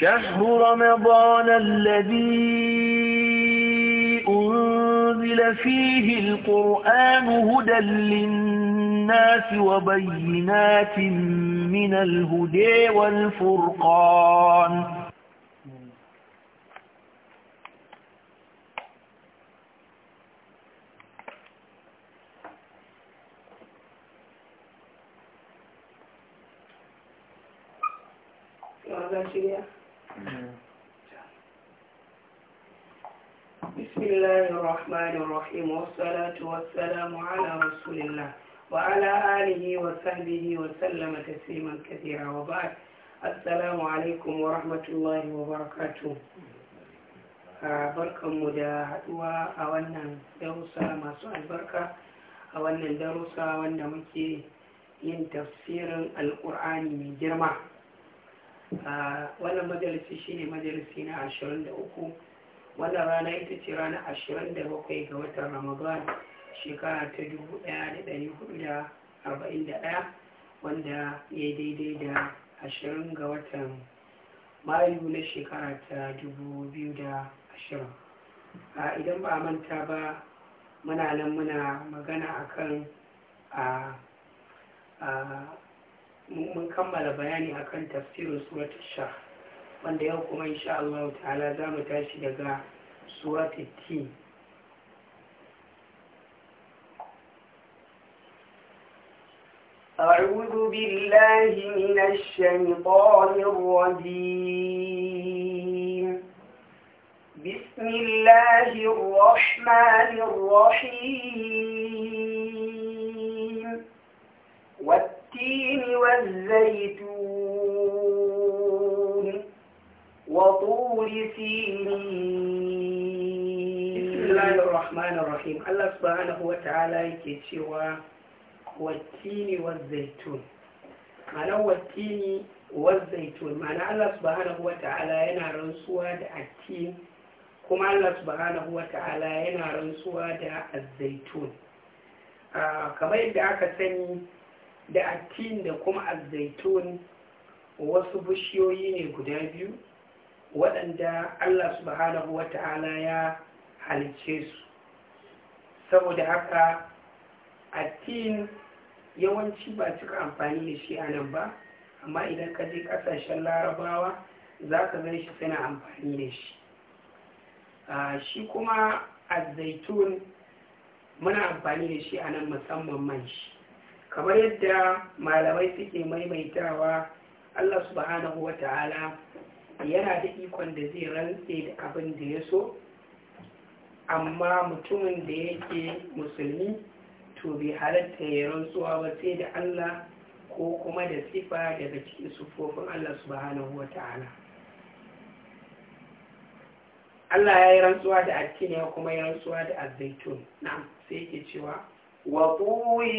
شهر رمضان الذي أنزل فيه القرآن هدى للناس وبينات من الهدى والفرقان you. بسم الله الرحمن الرحيم والصلاة والسلام على رسول الله وعلى da haduwa a wannan darussa masu albarka a wannan darusa wanda muke yin tafsirin Alƙur'ani mai girma ah, wannan majalisi shine majalisi na da uku. wannan rana ita ce rana ashirin da bakwai ga watan ramadan shekara ta dubu ɗaya da ɗari hudu da arba'in da ɗaya wanda ya daidai da ashirin ga watan mayu na shekara ta dubu biyu da ashirin a idan ba a manta ba muna nan muna magana akan a mun kammala bayani akan tafsirin suratul shah wanda yau kuma insha Allah ta'ala za mu tashi daga suratul tin أعوذ بالله من الشيطان الرجيم بسم الله الرحمن الرحيم والتين والزيتون طول سينين بسم الله الرحمن الرحيم الله سبحانه وتعالى cewa wattini wazzaitun ma'ana wattini wazzaitun yana rantsuwa da attin kuma yana rantsuwa da azzaitun ah, kamar yadda aka sani da attin da kuma wasu bishiyoyi ne guda biyu waɗanda Allah subhanahu wa ta'ala ya halice su saboda haka tin yawanci ba cika amfani da shi a nan ba amma idan ka je ƙasashen larabawa za ka zai shi suna amfani da shi shi kuma a zaitun muna amfani da shi a nan musamman man shi kamar yadda malamai suke maimaitawa Allah subhanahu wa ta'ala yana da ikon da zai rantse da abin da ya so amma mutumin da yake musulmi to bai halatta ya rantsuwa ba sai da Allah ko kuma da sifa daga cikin sufofin Allah subhanahu wa ta'ala Allah ya yi rantsuwa da atkini ya kuma yi rantsuwa da azaitun na sai yake cewa wa turi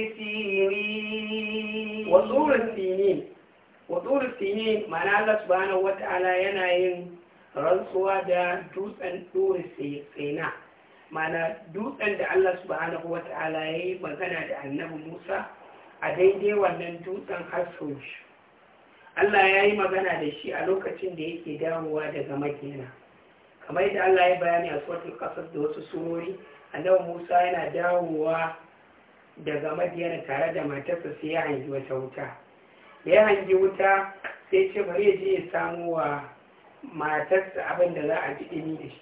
wa sinin wadur Sini mana Allah subhanahu wata'ala yana yin rantsuwa da dutsen duri sina mana dutsen da Allah subhanahu wata'ala ya yi magana da annabi Musa a daidai wannan dutsen har Allah ya yi magana da shi a lokacin da yake dawowa daga makina kamar yadda Allah ya bayani a sautin kasar da wasu surori annabi Musa yana dawowa daga madiyana tare da matarsa sai ya wata wuta da ya hangi wuta sai ce bari je ya samu wa matarsa abin da za a ji ɗimi da shi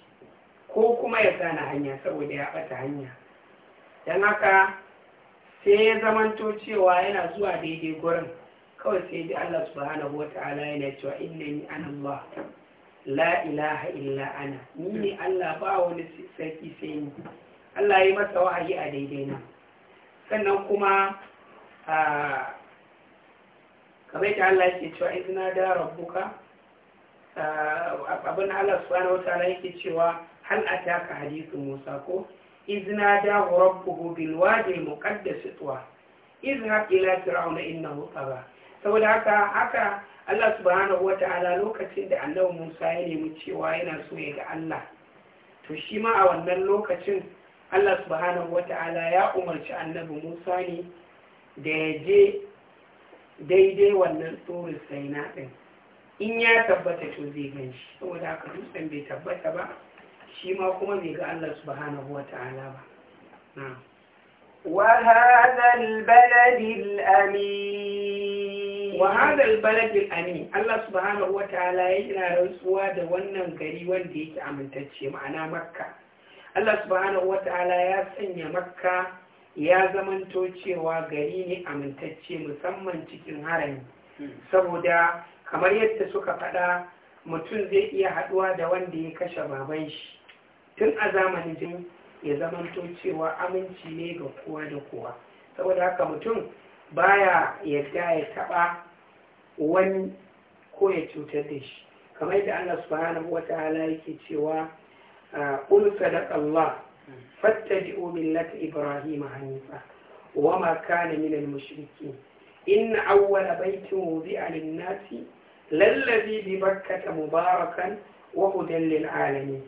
ko kuma ya sana hanya saboda ya ɓata hanya don haka sai ya zamanto cewa yana zuwa daidai gurin kawai sai ji Allah subhanahu wa ta'ala yana cewa innani ana Allah la ilaha illa ana ni ne Allah ba wani sarki sai ni Allah ya masa wahayi a daidai nan sannan kuma a ah, kamar yadda Allah yake cewa izina da rabbuka ah, abin Allah subhanahu wataala yake cewa hal ataka hadithu Musa ko izina da rabbuhu bil wadi muqaddas tuwa izhab ila fir'auna innahu tagha saboda haka haka Allah subhanahu wataala lokacin da annabi Musa ya nemi cewa yana so ya ga Allah to shi ma a wannan lokacin Allah subhanahu wataala ya umarci annabi Musa ne da ya je daidai wannan tsorin sai na ɗin in ya tabbata to zai gan shi saboda haka dutsen bai tabbata ba shi ma kuma bai ga Allah subhanahu wa ta'ala ba na وهذا البلد amin allah البلد الأمين الله ya yi da wannan gari wanda yake amintacce ma'ana makka Allah subhanahu wa ta'ala ya sanya makka ya zamanto cewa gari ne amintacce musamman cikin harami hmm. saboda kamar yadda suka faɗa mutum zai iya haɗuwa da wanda ya kashe baban shi tun a zamanin jin ya zamanto cewa aminci ne ga kowa da kowa saboda haka mutum baya yadda ya taɓa wani ko ya cutar da shi kamar yadda Allah subhanahu wa ta'ala yake cewa ah, qul sadaqa Allah fattabi'u millata ibrahim hanifa wa ma kana min al-mushrikin inna awwala baitin wudi'a lin-nasi lallazi bi bakkata mubarakan wa hudan lil-alamin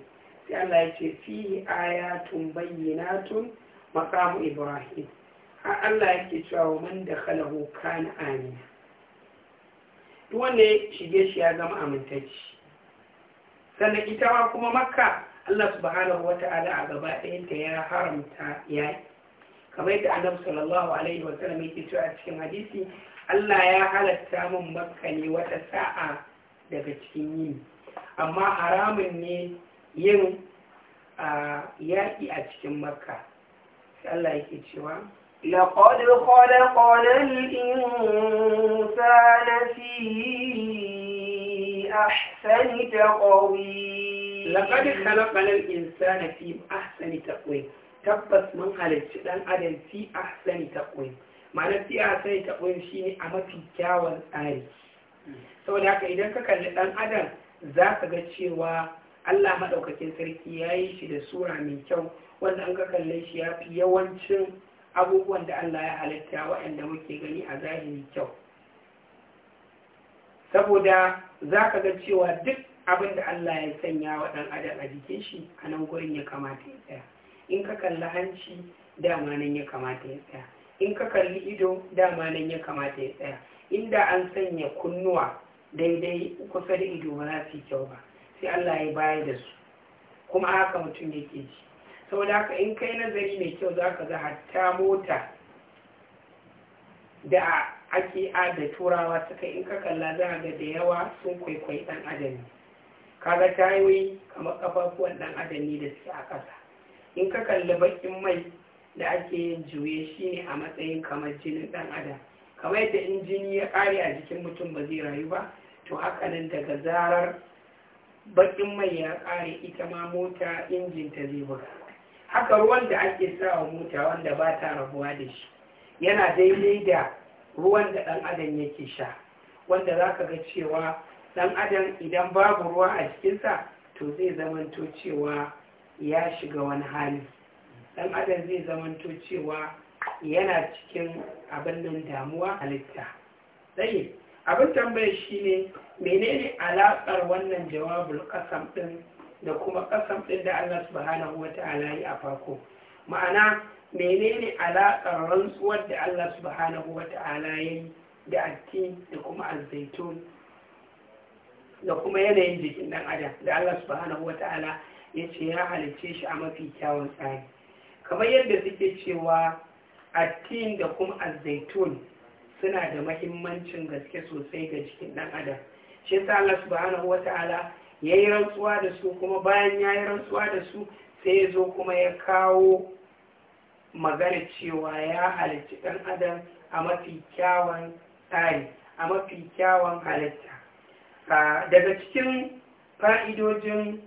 sai Allah ya ce fihi ayatun bayyinatun maqamu ibrahim Allah yake cewa wa man da khalahu kana amina duk wanda ya shi ya zama amintacci sannan ita ma kuma makka Allah subhanahu wata'ala a gaba ɗaya ta ya haramta yi kamar yadda annabi sallallahu alaihi wa sallam yake cewa a cikin hadisi Allah ya halatta min makka ne wata sa'a daga cikin yini amma haramun ne yin yaƙi a cikin makka sai Allah yake cewa لقد خلقنا الإنسان في أحسن تقويم laqad khalaqal insana fi ahsani taqwim tabbas mun halarci dan adam fi ahsani taqwim ma'ana fi ahsani taqwim shine a mafi kyawun tsari saboda haka idan ka kalli ɗan adam za ka ga cewa Allah maɗaukakin sarki ya yi shi da sura mai kyau wanda an ka kalle shi ya fi yawancin abubuwan da Allah ya halitta waɗanda muke gani a zahiri kyau saboda za ka ga cewa duk abin da Allah ya sanya wa ɗan adam a jikin shi a nan gurin ya kamata ya tsaya in ka kalli hanci dama nan ya kamata ya tsaya in ka kalli ido dama nan ya kamata ya tsaya inda an sanya kunnuwa daidai kusa da ido ba su kyau ba sai Allah ya bayar da su kuma haka mutum yake ji saboda haka in kai nazari mai kyau za ka ga hatta mota da ake da turawa suka in ka kalla za ga da yawa sun kwaikwayi ɗan adam kaga tayoyi kamar kafafuwan dan adam ne da suke a ƙasa in ka kalli bakin mai da ake yin juye shi a matsayin kamar jinin dan adam kamar yadda in jini ya ƙare a jikin mutum ba zai rayu ba to haka nan daga zarar bakin mai ya ƙare ita ma mota injin ta zai buga haka ruwan da ake sa mota wanda ba ta rabuwa da shi yana daidai da ruwan da ɗan adam yake sha wanda za ka ga cewa dan adam idan babu ruwa a cikinsa to zai zamanto cewa ya shiga wani hali dan adam zai zamanto cewa yana cikin abin nan damuwa halitta Sai, abin tambayar shine menene alaƙar wannan jawabul ƙasam ɗin da kuma ƙasam ɗin da Allah subhanahu wataala ya a farko ma'ana menene alaƙar rantsuwar da Allah subhanahu wataala ta'ala yi da addini da kuma alzaitun da kuma yanayin jikin ɗan adam da Allah subhanahu wata'ala ya ce ya halicce shi a mafi kyawun tsari kamar yadda suke cewa attin da kuma azaitun suna da mahimmancin gaske sosai ga jikin ɗan adam shi yasa Allah subhanahu wata'ala ya yi rantsuwa da su kuma bayan ya yi rantsuwa da su sai ya zo kuma ya kawo magana cewa ya halicci ɗan adam a mafi kyawun tsari a mafi kyawun halitta daga cikin fa'idojin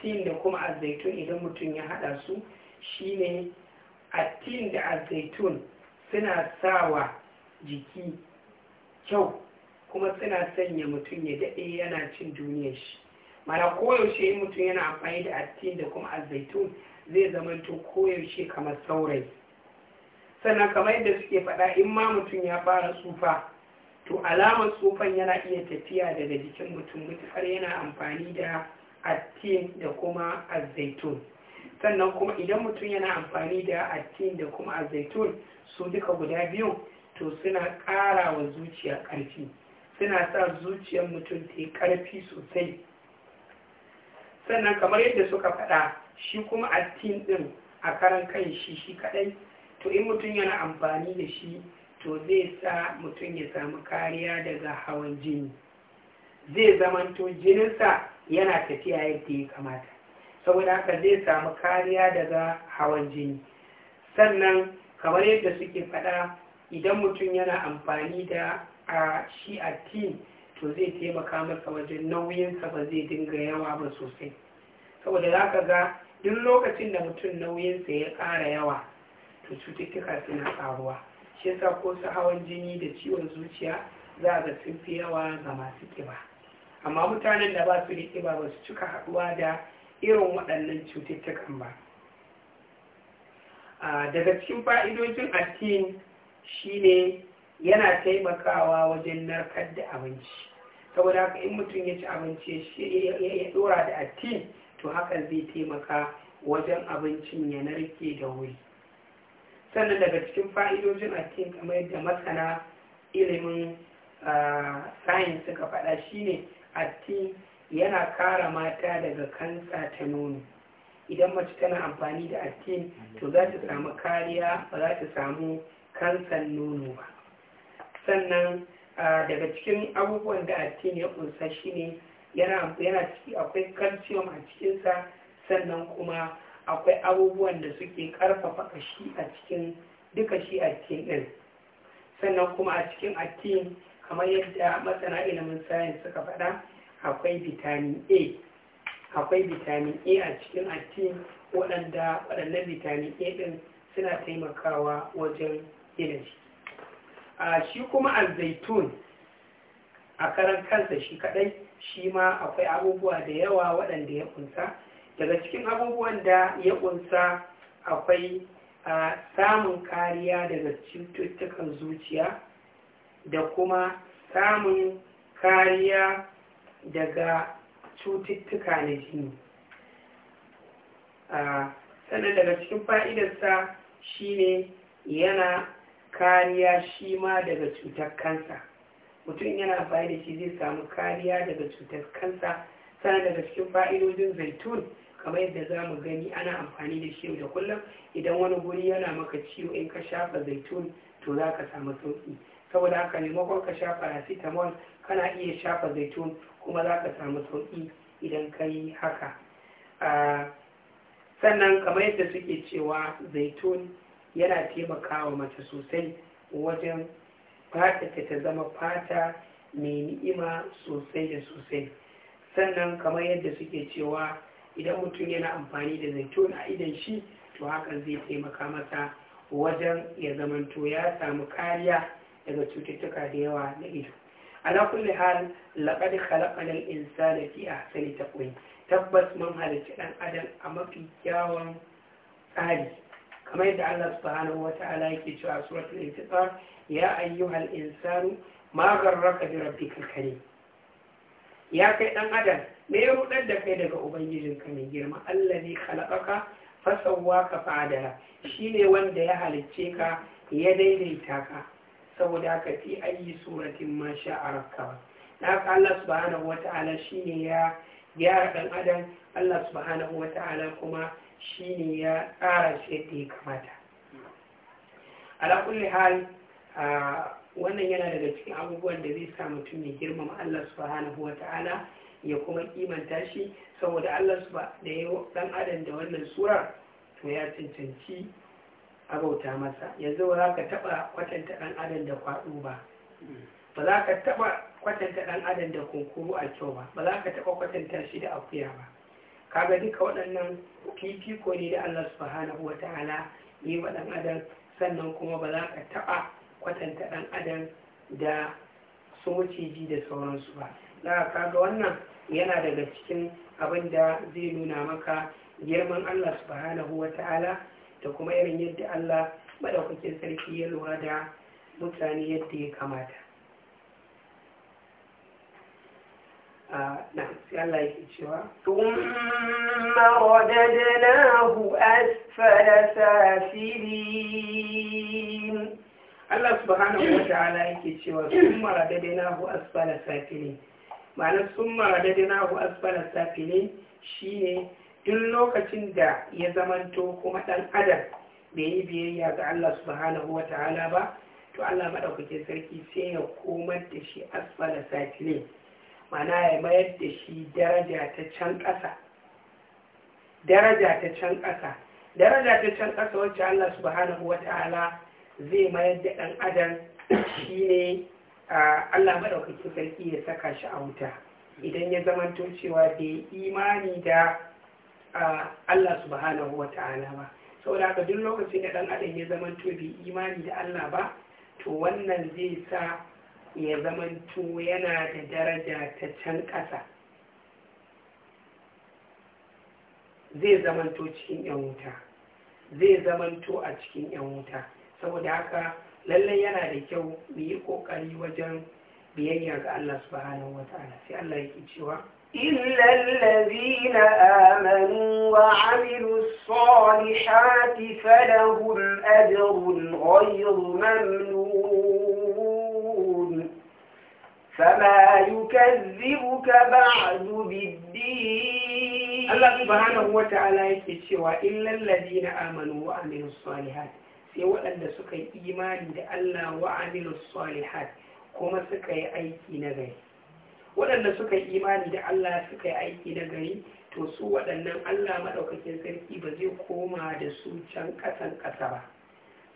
tin da kuma azaitun idan mutum ya haɗa su shine tin da azaitun suna sawa jiki kyau kuma suna sanya mutum ya daɗe yana cin duniya shi mana koyaushe mutum yana amfani da attin da kuma azaitun zai to koyaushe kamar saurayi sannan kamar yadda suke faɗa in ma mutum ya fara tsufa to alamar tsufan yana iya tafiya daga jikin mutum mutuwar yana amfani da attin da kuma azaitun sannan kuma idan mutum yana amfani da attin da kuma azaitun su duka guda biyu to suna ƙara wa zuciya karfi suna sa zuciyar mutum ta yi ƙarfi sosai sannan kamar yadda suka faɗa shi kuma attin ɗin a karan kai shi shi kaɗai to in mutum yana amfani da shi to zai sa mutum ya samu kariya daga hawan jini zai zamanto jininsa yana tafiya yadda ya kamata saboda haka zai samu kariya daga hawan jini sannan kamar yadda suke faɗa idan mutum yana amfani da a shi a tin to zai taimaka masa wajen nauyinsa ba zai dinga yawa ba sosai saboda za ka ga duk lokacin da mutum nauyinsa ya ƙara yawa to cututtuka suna ƙaruwa shi yasa ko su hawan jini da ciwon zuciya za ga sun fi yawa ga masu ƙiba amma mutanen da ba su da ƙiba ba su cika haɗuwa da irin waɗannan cututtukan ba daga cikin fa'idojin atin shine yana taimakawa wajen narkar da abinci saboda haka in mutum ya ci abinci ya dora da atin to hakan zai taimaka wajen abincin ya narke da wuri sannan daga cikin fa'idojin cikin kamar yadda masana ilimin sayin suka faɗa shine cikin yana kara mata daga kansa ta nono idan mace tana amfani da cikin to za ta samu kariya ba za ta samu kansan nono ba sannan daga cikin abubuwan da cikin ya kunsa shine yana ciki akwai calcium a cikinsa sannan kuma akwai abubuwan da suke karfafa kashi a cikin duka shi a cikin ɗin sannan kuma a cikin atin kamar yadda masana ilimin sayan suka faɗa akwai vitamin a akwai vitamin a a cikin atin waɗanda waɗannan vitamin a ɗin suna taimakawa wajen gina shi a shi kuma alzaitun a karan kansa shi kaɗai shi ma akwai abubuwa da yawa waɗanda ya kunsa daga cikin abubuwan da ya kunsa akwai samun kariya daga cututtukan zuciya da kuma samun kariya daga cututtuka na jini sannan daga cikin fa'idarsa shine yana kariya shi ma daga cutar kansa mutum yana amfani da shi zai samu kariya daga cutar kansa sannan daga cikin fa'idojin zaitun kamar yadda za mu gani ana amfani da shi da kullum idan wani guri yana maka ciwo in ka shafa zaitun to za ka samu sauki saboda haka maimakon ka shafa paracetamol kana iya shafa zaitun kuma za ka samu sauki idan ka yi haka sannan kamar yadda suke cewa zaitun yana taimakawa mace sosai wajen fata ta zama fata mai ni'ima sosai da sosai sannan kamar yadda suke cewa idan mutum yana amfani da zaitun a idan shi to hakan zai taimaka masa wajen ya zamanto ya samu kariya daga cututtuka da yawa na ido ala kulli hal laqad khalaqana al-insana fi ahsani taqwim tabbas mun halicci dan adam a mafi kyawun tsari kamar yadda Allah subhanahu wata'ala yake cewa a suratul intisar ya ayyuhal insanu ma gharraka bi rabbikal karim ya kai dan adam me ya rudar da kai daga ubangijin ka mai girma Allah ne khalaqaka fasawa ka Shi ne wanda ya halicce ka ya daidaita ka saboda ka fi ayi suratin ma a rakka na ka Allah subhanahu wata'ala ne ya gyara dan adam Allah subhanahu wata'ala kuma shi ne ya tsara shi yadda ya kamata ala kulli hal wannan yana daga cikin abubuwan da zai sa mutum ya girmama Allah subhanahu wata'ala ya kuma kimanta shi saboda Allah su ba da ya dan adam da wannan sura to ya cancanci a bauta masa yanzu ba za ka taɓa kwatanta ɗan adam da kwaɗo ba ba za ka taɓa kwatanta ɗan adam da kunkuru a kyau ba ba za ka taɓa kwatanta shi da akuya ba kaga duka waɗannan fifiko ne da Allah subhanahu wa ta'ala yi wa ɗan adam sannan kuma ba za ka taɓa kwatanta ɗan adam da su da sauransu ba za ka kaga wannan yana daga cikin abin da zai nuna maka girman Allah subhanahu wa ta'ala da kuma irin yadda Allah madaukakin sarki ya lura da mutane yadda ya kamata ثم رددناه أسفل سافلين الله سبحانه وتعالى يكتشفها ثم رددناه أسفل سافلين ma'ana sun maradadi na hu asfala safilin shi ne duk lokacin da ya zamanto kuma ɗan adam bai yi biyayya ga Allah subhanahu wa ta'ala ba to Allah maɗaukacin sarki sai ya komar da shi asfala safilin ma'ana ya mayar da shi daraja ta can ƙasa daraja ta can ƙasa wacce Allah subhanahu wa ta'ala zai mayar da ɗan adam shi ne Allah maɗaukaki sarki ya saka shi a wuta idan ya zama cewa bai imani da Allah subhanahu wa ta'ala ba saboda haka duk lokacin da ɗan adam ya zamanto bai imani da Allah ba to wannan zai sa ya zamanto yana da daraja ta can ƙasa zai zamanto cikin 'yan wuta zai zamanto a cikin 'yan wuta saboda haka lallai yana da kyau mu yi kokari wajen biyayya ga Allah subhanahu wata'ala sai Allah yake cewa إلا الذين آمنوا وعملوا الصالحات فلهم أجر غير ممنون فما يكذبك بعد بالدين الله سبحانه وتعالى يكتشف إلا الذين آمنوا وعملوا الصالحات sai waɗanda suka yi imani da Allah wa amilu salihat kuma suka yi aiki na gari waɗanda suka yi imani da Allah suka yi aiki na gari to su waɗannan Allah maɗaukakin sarki ba zai koma da su can ƙasan ƙasa ba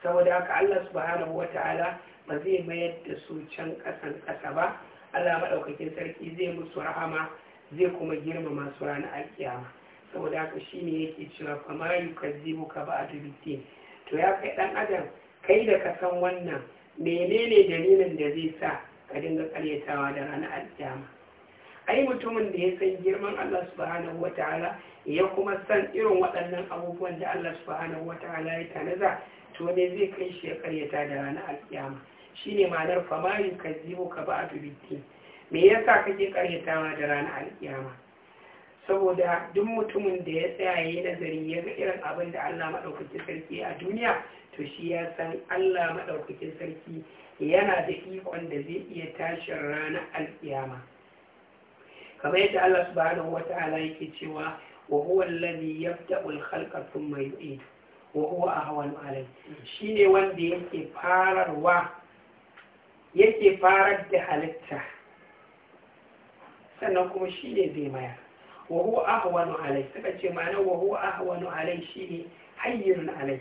saboda haka Allah subhanahu ta'ala ba zai mayar da su can ƙasan ƙasa ba Allah maɗaukakin sarki zai musu rahama zai kuma girmama su ranar alkiyama saboda haka shine yake cewa fama yukazzibuka ba a din to ya kai ɗan adam kai da ka san wannan menene dalilin da zai sa ka dinga karyatawa da rana aljama ai mutumin da ya san girman Allah subhanahu wataala ya kuma san irin waɗannan abubuwan da Allah subhanahu wataala ya tanaza to ne zai kai shi ya karyata da rana alkiyama shine ma'anar famari kazibu ka ba a me yasa kake karyatawa da rana alkiyama saboda duk mutumin da ya tsaya ya yi nazari ya ga irin abin da Allah maɗaukakin sarki a duniya to shi ya san Allah maɗaukakin sarki yana da ikon da zai iya tashin ranar alƙiyama kamar yadda Allah subhanahu wata'ala yake cewa wa huwa alladhi yabda'u al-khalqa thumma yu'id wa huwa ahwanu alayh shine wanda yake fararwa yake farar da halitta sannan kuma shine zai mayar wa huwa ahwanu alai suka ce ma'ana wa huwa ahwanu alai shine hayyun alai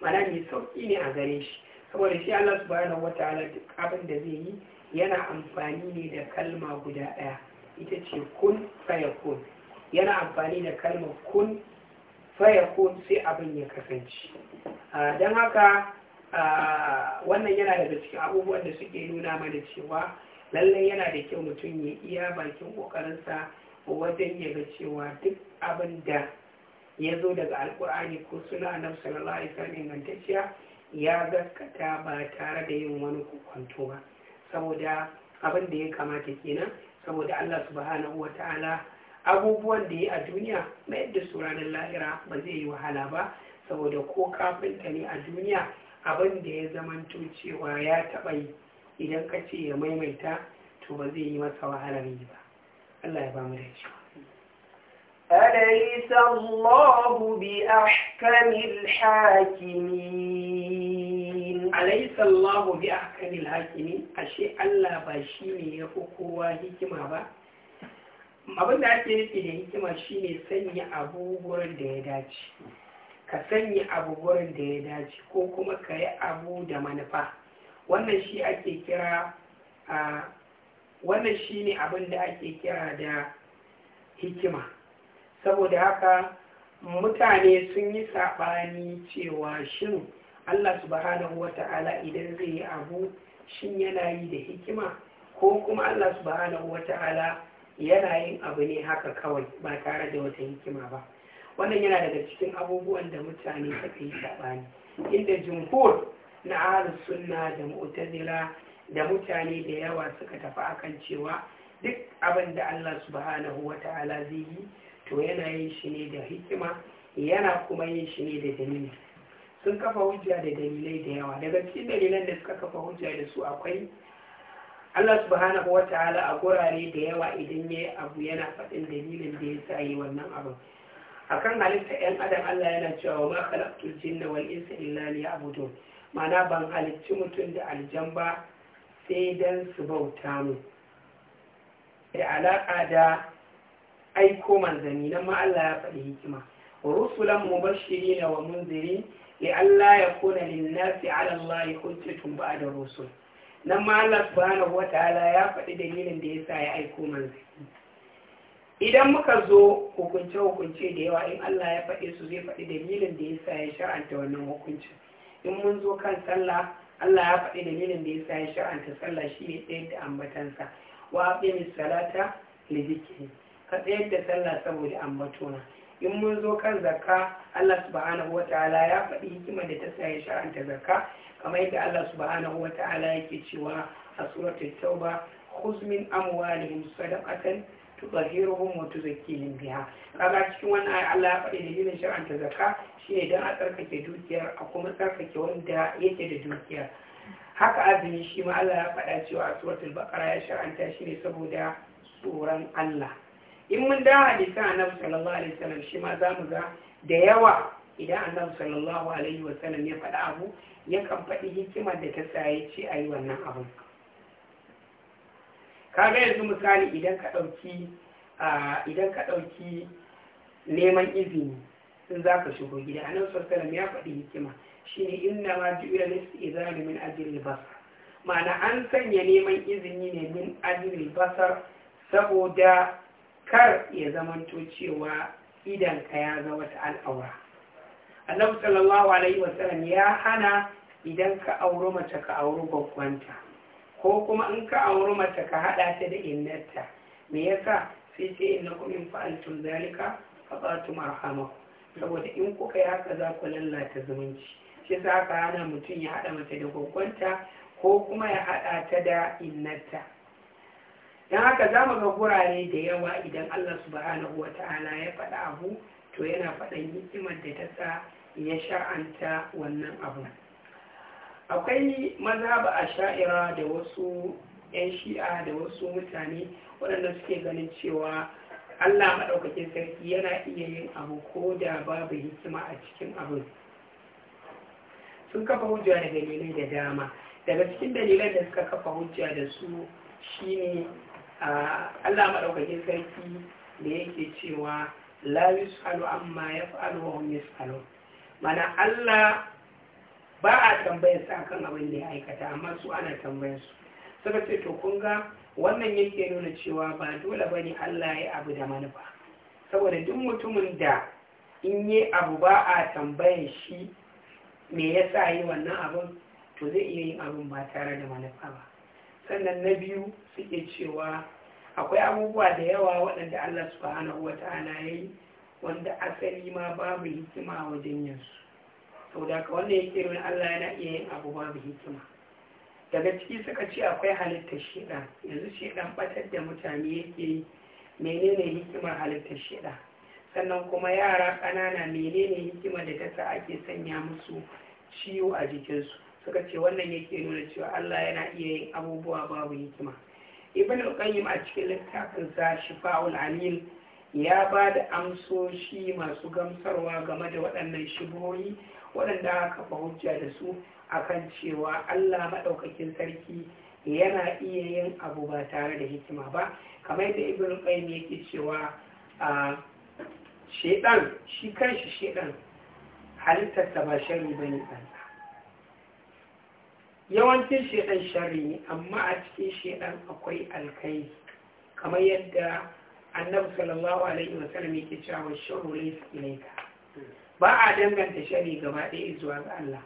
mana mai sauki ne a gare shi saboda shi Allah subhanahu wataala duk abin da zai yi yana amfani ne da kalma guda ɗaya ita ce kun fayakun yana amfani da kalma kun fayakun sai abin ya kasance don haka wannan yana daga cikin abubuwan da suke nuna mana cewa lallai yana da kyau mutum ya iya bakin ƙoƙarinsa wajen yaga cewa duk abin da ya zo daga alkur'ani ko suna annabi sallallahu alaihi wasallam ingantacciya ya gaskata ba tare da yin wani kwanto ba saboda abin da ya kamata kenan saboda Allah subhanahu ta'ala abubuwan da ya a duniya na da su ranar lahira ba zai yi wahala ba saboda ko kafinta ne a duniya abin da ya zamanto cewa ya taɓa yi idan ka ce ya maimaita to ba zai yi masa wahala ne ba Allah ya ba mu dacewa أليس الله بأحكم الحاكمين أليس الله بأحكم الحاكمين أشي الله باشيني kowa هكما با abin da ake nufi da hikima shine sanya abubuwan da ya dace ka sanya abubuwan da ya dace ko kuma ka abu da manufa wannan shi ake kira a wannan shine abin da ake kira da hikima saboda haka mutane sun yi saɓani cewa shin allah subhanahu wata'ala idan zai yi abu shin yana yi da hikima ko kuma allah subhanahu wata'ala yana yin abu ne haka kawai ba tare da wata hikima ba wannan yana daga cikin abubuwan da mutane suka yi saɓani inda jumhur na ahlus sunna da mu'tazila da mutane da yawa suka tafi akan cewa duk abin da Allah subhanahu wa ta'ala zai yi to yana yin shi ne da hikima yana kuma yin shi ne da dalili sun kafa hujja da dalilai da yawa daga cikin dalilan da suka kafa hujja da su akwai Allah subhanahu wa ta'ala a gurare da yawa idan ya abu yana faɗin dalilin da ya sa yi wannan abin akan halitta yan adam Allah yana cewa wa ma khalaqtul jinna wal insa illa liya'budun ma'ana ban halicci mutum da aljan sai don su bauta mu da alaƙa da aiko manzanni nan ma'alla ya faɗi hikima wa rusulan na wa munzirin ya Allah ya kuna lin ala Allah ba da rusul nan ma'alla Allah subhanahu wata ala ya faɗi dalilin da ya sa ya aiko manzanni idan muka zo hukunce hukunce da yawa in Allah ya faɗi su zai faɗi dalilin da ya sa ya shar'anta wannan hukuncin in mun zo kan sallah Allah ya faɗi da dalilin da ya sa ya sha'anta sallah shi ne tsayar da ambatansa wa aqimi salata li dhikri ka tsayar da sallah saboda ambatona in mun zo kan zakka Allah subhanahu ta'ala ya faɗi hikimar da ta sa ya sha'anta zakka kamar yadda Allah subhanahu wataala yake cewa a suratul tauba khuz min amwalihim sadaqatan tubahiruhum wa tuzakkihim biha kaga cikin wannan ayat Allah ya faɗi da dalilin shar'anta zakka shine dan a tsarkake dukiyar a kuma tsarkake wanda yake da dukiyar haka azumi shi ma Allah ya faɗa cewa a suratul baqara ya shar'anta shi ne saboda tsoron Allah in mun dawo hadisan annabi sallallahu alaihi wasallam shi ma zamu ga da yawa idan annabi sallallahu alaihi wasallam ya faɗa abu yakan faɗi hikimar da ta sa ya ce ayi wannan abu kaga yanzu misali idan ka ɗauki idan ka ɗauki neman izini in za ka shigo gida a nan ya faɗi hikima shi ne inna ma juya listi izani min ajiyar basar ma'ana an sanya neman izini ne min ajiyar basar saboda kar ya zamanto cewa idanka ya ga wata al'aura annabi sallallahu alaihi wasallam ya hana idan ka auri mace ka auri gwaggwanta ko kuma in ka auri mata ka haɗa ta da innarta me yasa sai ce inna kum in fa'altum zalika tu marhama saboda in kuka yi haka za ku lallata zumunci shi sa ka hana mutum ya haɗa mata da gwaggwanta ko kuma ya haɗa ta da innata. don haka za mu ga gurare da yawa idan Allah subhanahu wa ta'ala ya faɗa abu to yana faɗan hikimar da ta sa ya sha'anta wannan abu akwai mazhaba a sha'ira da wasu 'yan shi'a da wasu mutane waɗanda suke ganin cewa allah maɗaukakin sarki yana iya yin abu ko da babu hikima a cikin abin sun kafa hujja da dalilai da dama daga cikin dalilan da suka kafa hujja da su shine allah maɗaukakin sarki da yake cewa la yus'alu amma yaf'alu wa hum yus'alun mana allah ba a tambayar sa kan abin da ya aikata amma su ana tambayar su suka ce to kun ga wannan yake nuna cewa ba dole ba ne Allah ya abu da manufa saboda duk mutumin da in yi abu ba a tambayar shi me yasa yi wannan abin to zai iya yin abin ba tare da manufa ba sannan na biyu suke cewa akwai abubuwa da yawa waɗanda Allah subhanahu wa ta'ala ya yi wanda asali ma babu hikima wajen yansu saboda ka wanda ya kira Allah yana iya yin abubuwa da hikima daga ciki suka ce akwai halittar shida yanzu dan batar da mutane yake menene hikimar halittar shida sannan kuma yara ƙanana menene hikimar da ta ake sanya musu ciwo a jikinsu suka ce wannan yake nuna cewa Allah yana iya yin abubuwa babu hikima ibn al a cikin littafin sa shifa'ul alim ya ba da amsoshi masu gamsarwa game da waɗannan shigoyi waɗanda aka kafa da su a kan cewa allah maɗaukakin sarki yana iya yin abu ba tare da hikima ba kamar da ibn qayyim yake cewa a shedan shi kanshi shedan halittar ta ba shari ba ne yawancin shedan shari ne amma a cikin shedan akwai alkai kamar yadda annabi sallallahu alaihi wa sallam yake cewa sharru laysa ilayka ba a danganta shari gaba ɗaya zuwa ga Allah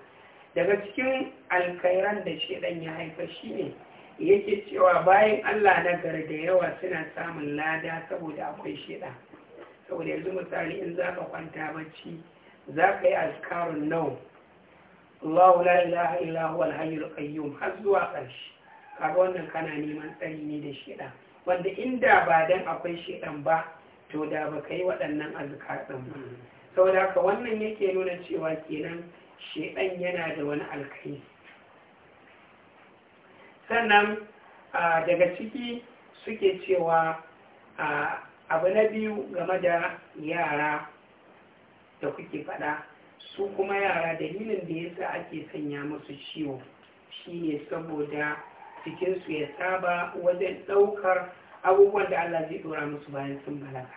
daga cikin alkhairan da shi dan ya haifa shine yake cewa bayan Allah na gari da yawa suna samun lada saboda akwai shiɗa. saboda yanzu misali in za ka kwanta bacci za ka yi azkarun nau Allahu la ilaha illa huwa qayyum har zuwa ƙarshe kaga wannan kana neman tsari ne da shiɗa. wanda inda ba dan akwai shi dan ba to da ba kai yi waɗannan azkar ba hmm. saboda ka wannan yake nuna cewa kenan shedan yana da wani alkai sannan daga ciki suke cewa abu na biyu game da yara da kuke faɗa su kuma yara dalilin da yasa ake sanya musu ciwo shine saboda su ya saba wajen ɗaukar abubuwan da Allah zai ɗora musu bayan sun balaga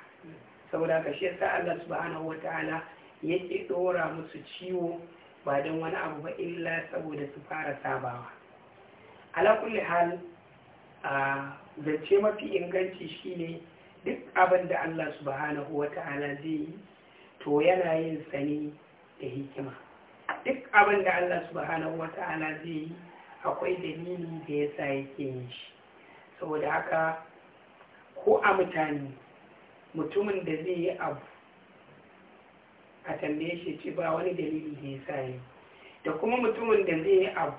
saboda ka shi yasa Allah subhanahu wataala yake ɗora musu ciwo ba don wani abu ba illa saboda su fara sabawa ala kulli hal a zance mafi inganci shine duk abin da Allah subhanahu wataala zai yi to yana yin sani da hikima duk abin da Allah subhanahu wataala zai yi akwai dalili da ya sa yake yin shi saboda haka ko a mutane mutumin da zai yi abu a tambaye shi ce ba wani dalili da ya sa yi da kuma mutumin da zai yi abu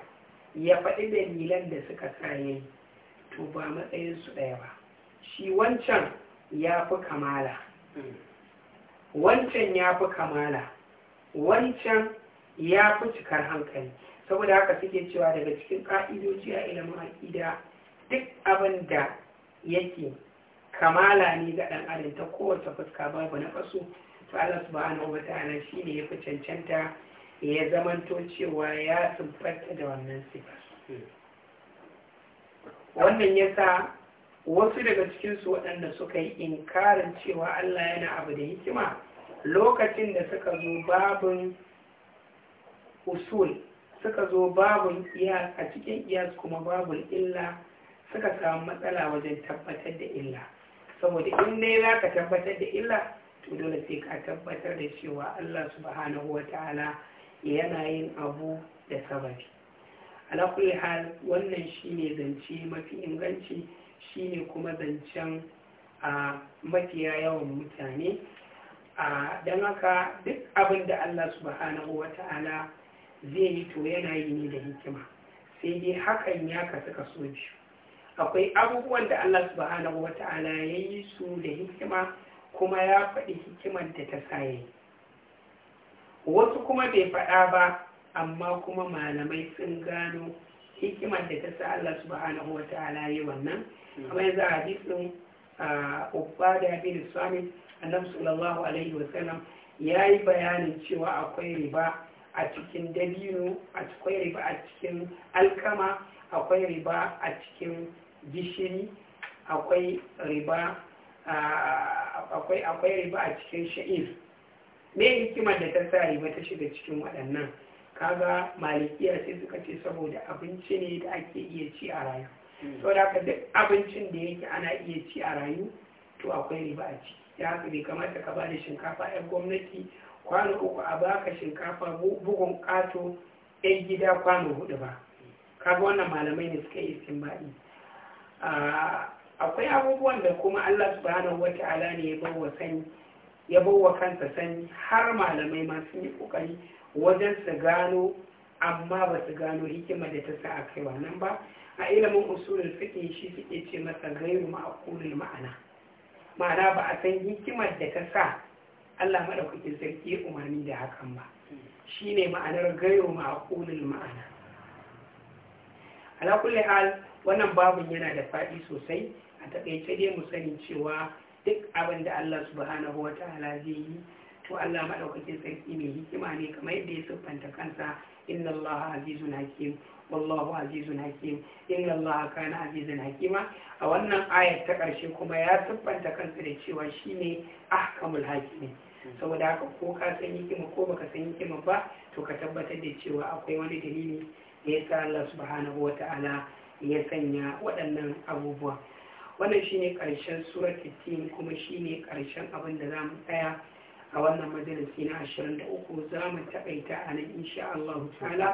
ya faɗi dalilan da suka sa yi to ba matsayin su ɗaya ba shi wancan ya fi kamala wancan ya fi kamala wancan ya fi cikar hankali saboda haka suke cewa daga cikin ƙa'idoji a ilimin aƙida duk abin da yake kamala ne ga ɗan adam ta kowace fuska babu na faso to Allah subhanahu wata'ala shi ne ya fi cancanta ya zamanto cewa ya tsubbatta da wannan sifa wannan ya sa wasu daga cikinsu waɗanda suka yi inkarin cewa Allah yana abu da hikima lokacin da suka zo babin usul suka zo babul iyas a cikin iyas kuma babul illa suka samu matsala wajen tabbatar da illa saboda in dai za ka tabbatar da illa to dole sai ka tabbatar da cewa Allah subhanahu wa ta'ala yana yin abu da sababi ala kulli hal wannan shine zance mafi inganci shine kuma zancen a mafiya yawan mutane a don haka duk abin da Allah subhanahu wa ta'ala zai yi to yana yi ne da hikima sai dai hakan ya kasu so biyu akwai abubuwan da Allah subhanahu wa ta'ala ya yi su da hikima kuma ya faɗi hikimar da ta saye wasu kuma bai faɗa ba amma kuma malamai sun gano hikimar da ta sa Allah subhanahu wa ta'ala ya yi wannan kuma yanzu a hadisin ubada bin sami annabi sallallahu alaihi wa sallam ya yi bayanin cewa akwai riba a cikin dabino akwai riba a cikin alkama akwai riba a cikin gishiri akwai riba akwai akwai riba a cikin sha'ir me hikimar da ta sa riba ta shiga cikin waɗannan kaga malikiya sai suka ce saboda abinci ne da ake iya ci a rayu hmm. da haka duk abincin da yake ana iya ci a rayu to akwai riba a ciki ya haka bai kamata ka ba da shinkafa 'yan gwamnati kwano uku a baka shinkafa bugun kato ɗan gida kwano hudu ba kaga wannan malamai ne suka yi istimba'i akwai abubuwan da kuma allah subhanahu wata'ala ne ya bawa sani ya bawa kansa sani har malamai ma sun yi kokari wajen su gano amma ba su gano hikima da ta sa a kai wannan ba a ilimin usulin suke shi suke ce masa gairu ma'qulul ma'ana ma'ana ba a san hikimar da ta sa Allah maɗaukakin sarki umarni da hakan ba shi ne ma'anar gayo ma'akulul ma'ana ala hal wannan babun yana da faɗi sosai a taƙaice dai mu sani cewa duk abin da Allah subhanahu wa ta'ala zai yi to Allah maɗaukakin sarki mai hikima ne kamar yadda ya siffanta kansa inna Allah azizun hakim wallahu azizun hakim inna Allah kana azizun hakima a wannan ayar ta ƙarshe kuma ya siffanta kansa da cewa shine ahkamul hakimin saboda haka ko ka san hikima ko baka san hikima ba to ka tabbatar da cewa akwai wani dalili da ya sa Allah subhanahu wa ta'ala ya sanya waɗannan abubuwa wannan shine ƙarshen sura 15 kuma shine ƙarshen abin da za mu tsaya a wannan majalisi na 23 za mu taƙaita a nan insha Allah ta'ala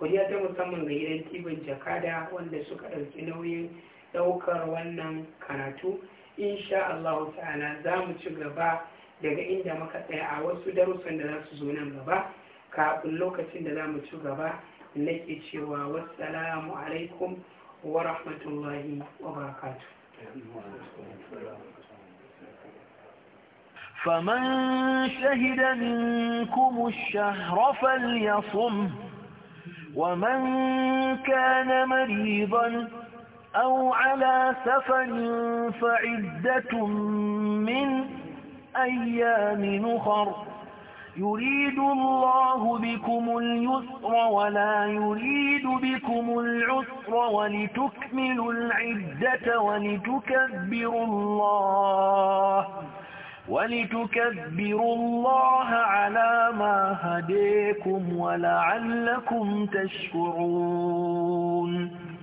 wajen ta musamman ga gidan tibin jakada wanda suka ɗauki nauyin ɗaukar wannan karatu insha Allah ta'ala za mu ci gaba daga inda muka tsaya a wasu darussan da za su zo nan gaba kafin lokacin da za mu ci gaba nake cewa wassalamu alaikum wa rahmatullahi wa barakatu فمن شهد منكم الشهر فليصم ومن كان مريضا أو على سفر فعدة من أيام نخر يريد الله بكم اليسر ولا يريد بكم العسر ولتكملوا العدة ولتكبروا الله ولتكبروا الله على ما هديكم ولعلكم تشكرون